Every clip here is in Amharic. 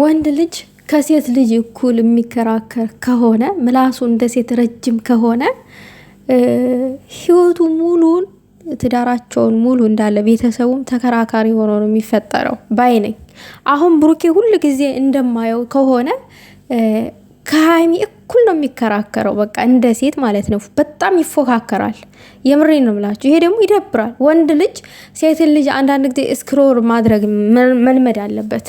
ወንድ ልጅ ከሴት ልጅ እኩል የሚከራከር ከሆነ ምላሱ እንደ ሴት ረጅም ከሆነ ህይወቱ ሙሉን ትዳራቸውን ሙሉ እንዳለ ቤተሰቡም ተከራካሪ ሆኖ ነው የሚፈጠረው ባይ ነኝ። አሁን ብሩኬ ሁል ጊዜ እንደማየው ከሆነ ከሀይሚ እኩል ነው የሚከራከረው፣ በቃ እንደ ሴት ማለት ነው። በጣም ይፎካከራል። የምሬ ነው ምላችሁ። ይሄ ደግሞ ይደብራል። ወንድ ልጅ ሴትን ልጅ አንዳንድ ጊዜ ስክሮር ማድረግ መልመድ አለበት።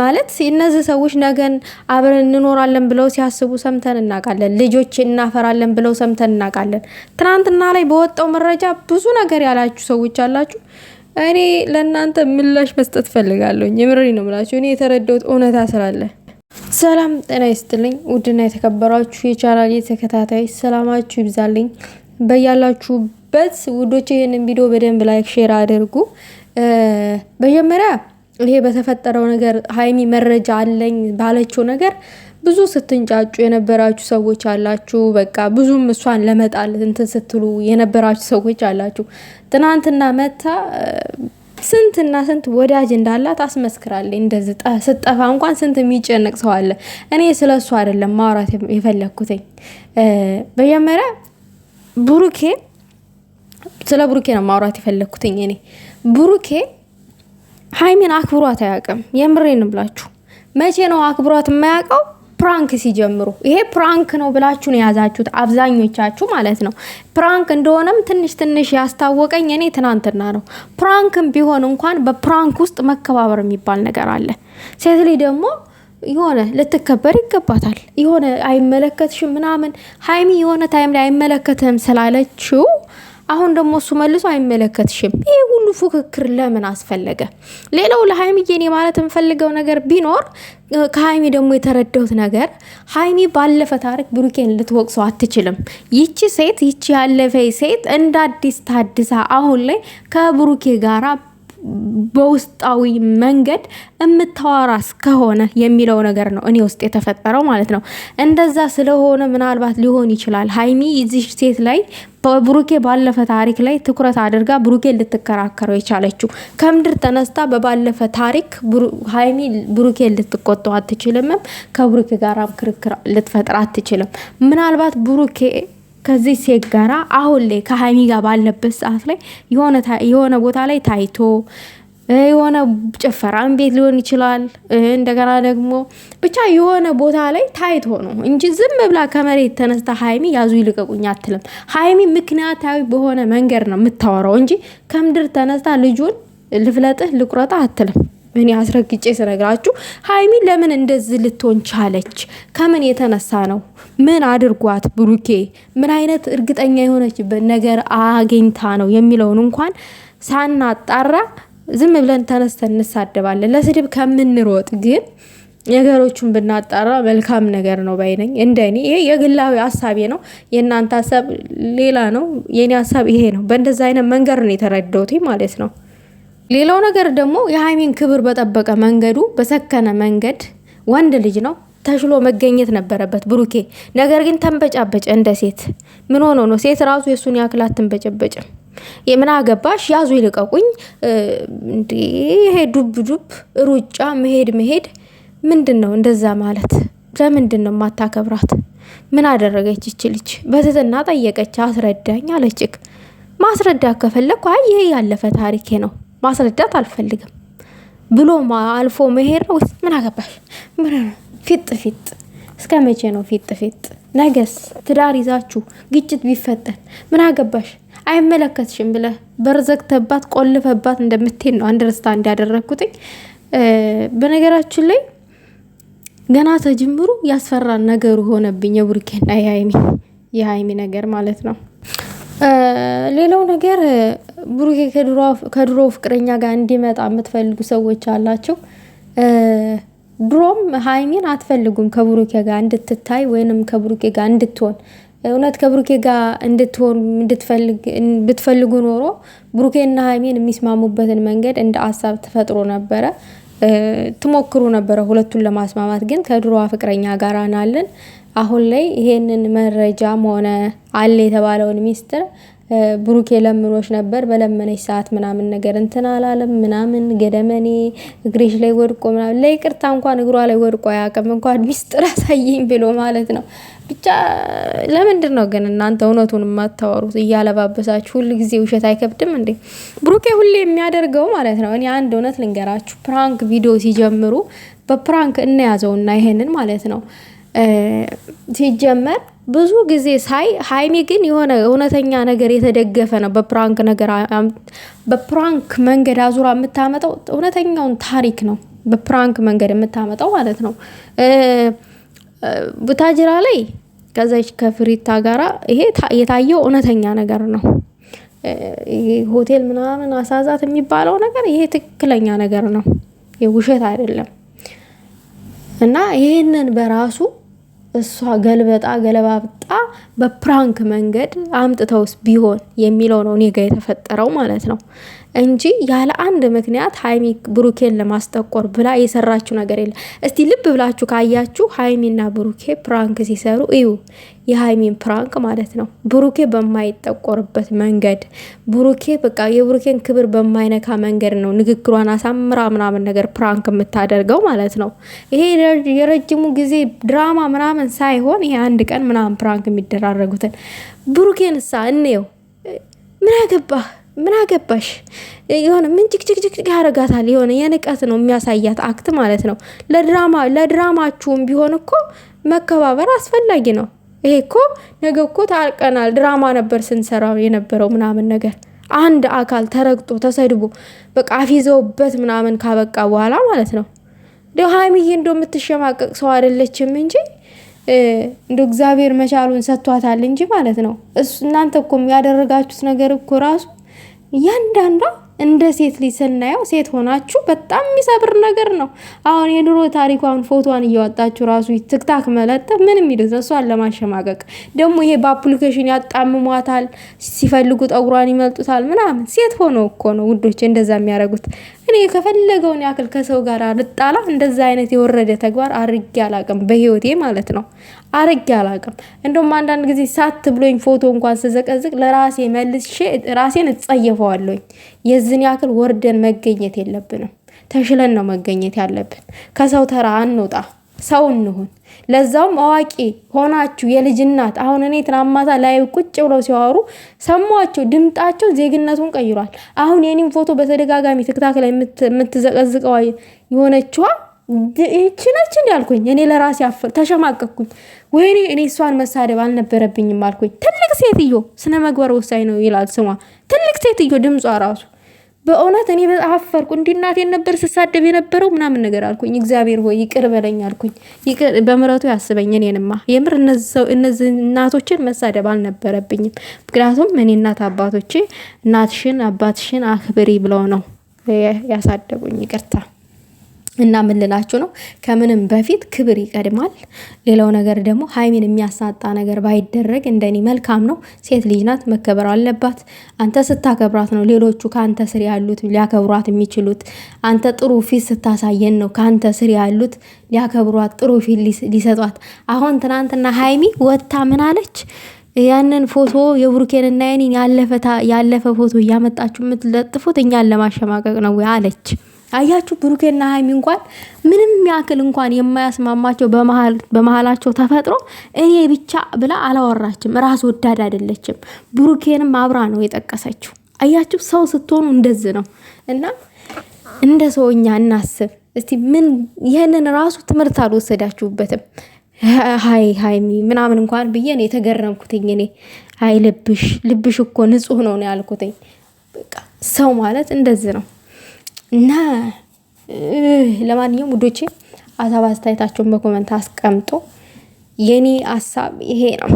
ማለት እነዚህ ሰዎች ነገን አብረን እንኖራለን ብለው ሲያስቡ ሰምተን እናውቃለን። ልጆች እናፈራለን ብለው ሰምተን እናውቃለን። ትናንትና ላይ በወጣው መረጃ ብዙ ነገር ያላችሁ ሰዎች አላችሁ። እኔ ለእናንተ ምላሽ መስጠት ፈልጋለሁኝ። የምሬ ነው ምላችሁ። እኔ የተረዳሁት እውነታ ስላለ ሰላም ጤና ይስጥልኝ። ውድና የተከበራችሁ የቻናል ተከታታይ ሰላማችሁ ይብዛልኝ በያላችሁበት ውዶች። ይህንን ቪዲዮ በደንብ ላይክ፣ ሼር አድርጉ መጀመሪያ ይሄ በተፈጠረው ነገር ሀይሚ መረጃ አለኝ ባለችው ነገር ብዙ ስትንጫጩ የነበራችሁ ሰዎች አላችሁ። በቃ ብዙም እሷን ለመጣል እንትን ስትሉ የነበራችሁ ሰዎች አላችሁ። ትናንትና መታ ስንትና ስንት ወዳጅ እንዳላት አስመስክራለች። እንደዚህ ስጠፋ እንኳን ስንት የሚጨነቅ ሰው አለ። እኔ ስለ እሱ አይደለም ማውራት የፈለግኩትኝ። መጀመሪያ ብሩኬ ስለ ብሩኬ ነው ማውራት የፈለግኩትኝ እኔ ብሩኬ ሀይሚን አክብሯት አያውቅም። የምሬን ብላችሁ መቼ ነው አክብሯት የማያውቀው? ፕራንክ ሲጀምሩ ይሄ ፕራንክ ነው ብላችሁ ነው የያዛችሁት አብዛኞቻችሁ ማለት ነው። ፕራንክ እንደሆነም ትንሽ ትንሽ ያስታወቀኝ እኔ ትናንትና ነው። ፕራንክም ቢሆን እንኳን በፕራንክ ውስጥ መከባበር የሚባል ነገር አለ። ሴት ልጅ ደግሞ የሆነ ልትከበር ይገባታል። የሆነ አይመለከትሽም ምናምን ሀይሚ የሆነ ታይም ላይ አይመለከትህም ስላለችው አሁን ደግሞ እሱ መልሶ አይመለከትሽም። ይህ ሁሉ ፉክክር ለምን አስፈለገ? ሌላው ለሀይሚዬ እኔ ማለት የምፈልገው ነገር ቢኖር ከሀይሚ ደግሞ የተረዳሁት ነገር ሀይሚ ባለፈ ታሪክ ብሩኬን ልትወቅሰው አትችልም። ይቺ ሴት ይቺ ያለፈ ሴት እንደ አዲስ ታድሳ አሁን ላይ ከብሩኬ ጋራ በውስጣዊ መንገድ የምታወራስ ከሆነ የሚለው ነገር ነው እኔ ውስጥ የተፈጠረው ማለት ነው። እንደዛ ስለሆነ ምናልባት ሊሆን ይችላል ሀይሚ እዚህ ሴት ላይ በብሩኬ ባለፈ ታሪክ ላይ ትኩረት አድርጋ ብሩኬ ልትከራከረው የቻለችው ከምድር ተነስታ በባለፈ ታሪክ ሀይሚ ብሩኬ ልትቆጠው አትችልምም። ከብሩኬ ጋራም ክርክር ልትፈጥር አትችልም። ምናልባት ብሩኬ ከዚህ ሴት ጋራ አሁን ላይ ከሀይሚ ጋር ባለበት ሰዓት ላይ የሆነ ቦታ ላይ ታይቶ የሆነ ጭፈራም ቤት ሊሆን ይችላል። እንደገና ደግሞ ብቻ የሆነ ቦታ ላይ ታይቶ ነው እንጂ ዝም ብላ ከመሬት ተነስታ ሀይሚ ያዙ ይልቀቁኝ አትልም። ሀይሚ ምክንያታዊ በሆነ መንገድ ነው የምታወራው እንጂ ከምድር ተነስታ ልጁን ልፍለጥህ ልቁረጣ አትልም። እኔ አስረግጬ ስነግራችሁ ሀይሚ ለምን እንደዚህ ልትሆን ቻለች? ከምን የተነሳ ነው? ምን አድርጓት? ብሩኬ ምን አይነት እርግጠኛ የሆነችበት ነገር አግኝታ ነው የሚለውን እንኳን ሳናጣራ ዝም ብለን ተነስተን እንሳደባለን። ለስድብ ከምንሮጥ ግን ነገሮቹን ብናጣራ መልካም ነገር ነው ባይነኝ። እንደኔ ይሄ የግላዊ ሀሳቤ ነው። የእናንተ ሀሳብ ሌላ ነው፣ የኔ ሀሳብ ይሄ ነው። በእንደዛ አይነት መንገድ ነው የተረዳሁት ማለት ነው። ሌላው ነገር ደግሞ የሀይሚን ክብር በጠበቀ መንገዱ በሰከነ መንገድ ወንድ ልጅ ነው ተሽሎ መገኘት ነበረበት ብሩኬ። ነገር ግን ተንበጫበጨ እንደ ሴት። ምን ሆኖ ነው? ሴት ራሱ የእሱን ያክል አትንበጨበጭም። የምን አገባሽ ያዙ ይልቀቁኝ፣ ይሄ ዱብ ዱብ ሩጫ መሄድ መሄድ ምንድን ነው? እንደዛ ማለት ለምንድን ነው ማታከብራት? ምን አደረገች ይች ልጅ? በትትና ጠየቀች፣ አስረዳኝ አለችክ። ማስረዳ ከፈለግኩ አይ ይሄ ያለፈ ታሪኬ ነው ማስረዳት አልፈልግም ብሎ አልፎ መሄድ ነው ወይስ ምን አገባሽ? ምን ፊጥ ፊጥ እስከ መቼ ነው ፊጥ ፊጥ? ነገስ ትዳር ይዛችሁ ግጭት ቢፈጠር ምን አገባሽ አይመለከትሽም ብለ በርዘግተባት ቆልፈባት እንደምትሄድ ነው አንደርስታንድ እንዲያደረግኩትኝ። በነገራችን ላይ ገና ተጀምሩ ያስፈራን ነገሩ ሆነብኝ የቡርኬና የሀይሚ የሀይሚ ነገር ማለት ነው ሌላው ነገር ብሩኬ ከድሮ ፍቅረኛ ጋር እንዲመጣ የምትፈልጉ ሰዎች አላቸው። ድሮም ሀይሚን አትፈልጉም ከብሩኬ ጋር እንድትታይ ወይንም ከብሩኬ ጋር እንድትሆን እውነት ከብሩኬ ጋር እንድትሆን ብትፈልጉ ኖሮ ብሩኬና ሀይሜን የሚስማሙበትን መንገድ እንደ አሳብ ተፈጥሮ ነበረ፣ ትሞክሩ ነበረ ሁለቱን ለማስማማት። ግን ከድሮዋ ፍቅረኛ ጋር ናለን። አሁን ላይ ይሄንን መረጃም ሆነ አለ የተባለውን ሚስጥር ብሩኬ ለምኖች ነበር በለመነች ሰዓት ምናምን ነገር እንትን አላለም ምናምን ገደመኔ እግሬሽ ላይ ወድቆ ምናምን ለይቅርታ እንኳን እግሯ ላይ ወድቆ አያውቅም። እንኳን ሚስጥር አሳየኝ ብሎ ማለት ነው። ብቻ ለምንድን ነው ግን እናንተ እውነቱን የማታወሩት? እያለባበሳችሁ ሁል ጊዜ ውሸት አይከብድም እንዴ? ብሩኬ ሁሌ የሚያደርገው ማለት ነው። እኔ አንድ እውነት ልንገራችሁ፣ ፕራንክ ቪዲዮ ሲጀምሩ በፕራንክ እናያዘውና ይሄንን ማለት ነው ሲጀመር ብዙ ጊዜ ሳይ ሀይሚ ግን የሆነ እውነተኛ ነገር የተደገፈ ነው። በፕራንክ ነገር በፕራንክ መንገድ አዙራ የምታመጣው እውነተኛውን ታሪክ ነው። በፕራንክ መንገድ የምታመጣው ማለት ነው። ቡታጅራ ላይ ከዛች ከፍሪታ ጋራ ይሄ የታየው እውነተኛ ነገር ነው። ሆቴል ምናምን አሳዛት የሚባለው ነገር ይሄ ትክክለኛ ነገር ነው፣ ውሸት አይደለም። እና ይህንን በራሱ እሷ ገልበጣ ገለባብጣ በፕራንክ መንገድ አምጥተውስ ቢሆን የሚለው ነው እኔ ጋ የተፈጠረው ማለት ነው እንጂ ያለ አንድ ምክንያት ሀይሚ ብሩኬን ለማስጠቆር ብላ የሰራችው ነገር የለም። እስቲ ልብ ብላችሁ ካያችሁ ሀይሚና ብሩኬ ፕራንክ ሲሰሩ እዩ። የሀይሚን ፕራንክ ማለት ነው። ብሩኬ በማይጠቆርበት መንገድ ብሩኬ በቃ የብሩኬን ክብር በማይነካ መንገድ ነው ንግግሯን አሳምራ ምናምን ነገር ፕራንክ የምታደርገው ማለት ነው። ይሄ የረጅሙ ጊዜ ድራማ ምናምን ሳይሆን ይሄ አንድ ቀን ምናምን ፕራንክ የሚደራረጉትን ብሩኬን እሳ እንየው። ምን አገባ ምን አገባሽ? የሆነ ምን ጭቅጭቅጭቅጭቅ ያደርጋታል። የሆነ የንቀት ነው የሚያሳያት አክት ማለት ነው። ለድራማ ለድራማችሁም ቢሆን እኮ መከባበር አስፈላጊ ነው። ይሄ እኮ ነገ እኮ ታርቀናል፣ ድራማ ነበር ስንሰራው የነበረው ምናምን ነገር አንድ አካል ተረግጦ ተሰድቦ በቃ አፊዘውበት ምናምን ካበቃ በኋላ ማለት ነው። እንደ ሀይሚዬ እንደ የምትሸማቀቅ ሰው አይደለችም እንጂ እንደ እግዚአብሔር መቻሉን ሰጥቷታል እንጂ ማለት ነው። እናንተ እኮ ያደረጋችሁት ነገር እኮ ራሱ እያንዳንዷ እንደ ሴት ልጅ ስናየው ሴት ሆናችሁ በጣም የሚሰብር ነገር ነው። አሁን የድሮ ታሪኳን ፎቶዋን እያወጣችሁ ራሱ ትክታክ መለጠፍ ምንም ይደስ እሷን ለማሸማቀቅ ደግሞ ይሄ በአፕሊኬሽን ያጣምሟታል፣ ሲፈልጉ ጠጉሯን ይመልጡታል ምናምን። ሴት ሆኖ እኮ ነው ውዶች እንደዛ የሚያደርጉት። እኔ ከፈለገውን ያክል ከሰው ጋር ልጣላ፣ እንደዛ አይነት የወረደ ተግባር አርጌ አላቅም፣ በህይወቴ ማለት ነው አርጌ አላቅም። እንደውም አንዳንድ ጊዜ ሳት ብሎኝ ፎቶ እንኳን ስዘቀዝቅ ለራሴ መልሼ ራሴን እጸየፈዋለኝ። የዝን ያክል ወርደን መገኘት የለብንም። ተሽለን ነው መገኘት ያለብን። ከሰው ተራ አንውጣ። ሰው እንሁን። ለዛውም አዋቂ ሆናችሁ የልጅ እናት። አሁን እኔ ትናንት ማታ ላይ ቁጭ ብለው ሲያወሩ ሰማቸው። ድምጣቸው ዜግነቱን ቀይሯል። አሁን የኔም ፎቶ በተደጋጋሚ ትክታክ ላይ የምትዘቀዝቀዋ የሆነችዋ ይቺ ነች እንዲያልኩኝ እኔ ለራሴ አፈ ተሸማቀኩኝ። ወይኔ እኔ እሷን መሳደብ አልነበረብኝም አልኩኝ። ትልቅ ሴትዮ ስነ ምግባር ወሳኝ ነው ይላል ስሟ። ትልቅ ሴትዮ ድምጿ ራሱ በእውነት እኔ በጣም አፈርኩ። እንዲህ እናቴን ነበር ስሳደብ የነበረው ምናምን ነገር አልኩኝ። እግዚአብሔር ሆይ ይቅር በለኝ አልኩኝ። በምሕረቱ ያስበኝ። እኔንማ የምር እነዚህ እናቶችን መሳደብ አልነበረብኝም። ምክንያቱም እኔ እናት አባቶቼ እናትሽን አባትሽን አክብሪ ብለው ነው ያሳደጉኝ። ይቅርታ እና የምልላችሁ ነው ከምንም በፊት ክብር ይቀድማል። ሌላው ነገር ደግሞ ሀይሚን የሚያሳጣ ነገር ባይደረግ እንደኔ መልካም ነው። ሴት ልጅ ናት፣ መከበር አለባት። አንተ ስታከብራት ነው ሌሎቹ ከአንተ ስር ያሉት ሊያከብሯት የሚችሉት። አንተ ጥሩ ፊት ስታሳየን ነው ከአንተ ስር ያሉት ሊያከብሯት ጥሩ ፊት ሊሰጧት። አሁን ትናንትና ሀይሚ ወታ ምን አለች? ያንን ፎቶ የብሩኬን እና የኔን ያለፈ ፎቶ እያመጣችሁ የምትለጥፉት እኛን ለማሸማቀቅ ነው አለች። አያችሁ ብሩኬና ሀይሚ እንኳን ምንም ያክል እንኳን የማያስማማቸው በመሀላቸው ተፈጥሮ እኔ ብቻ ብላ አላወራችም። ራስ ወዳድ አይደለችም። ብሩኬንም አብራ ነው የጠቀሰችው። አያችሁ ሰው ስትሆኑ እንደዚህ ነው እና እንደ ሰውኛ እናስብ እስቲ። ምን ይህንን ራሱ ትምህርት አልወሰዳችሁበትም። ሀይ ሀይሚ ምናምን እንኳን ብዬ ነው የተገረምኩትኝ እኔ። አይ ልብሽ ልብሽ እኮ ንጹህ ነው ነው ያልኩትኝ። በቃ ሰው ማለት እንደዚህ ነው። እና ለማንኛውም ውዶቼ ሀሳብ አስተያየታቸውን በኮመንት አስቀምጦ የኔ ሀሳብ ይሄ ነው።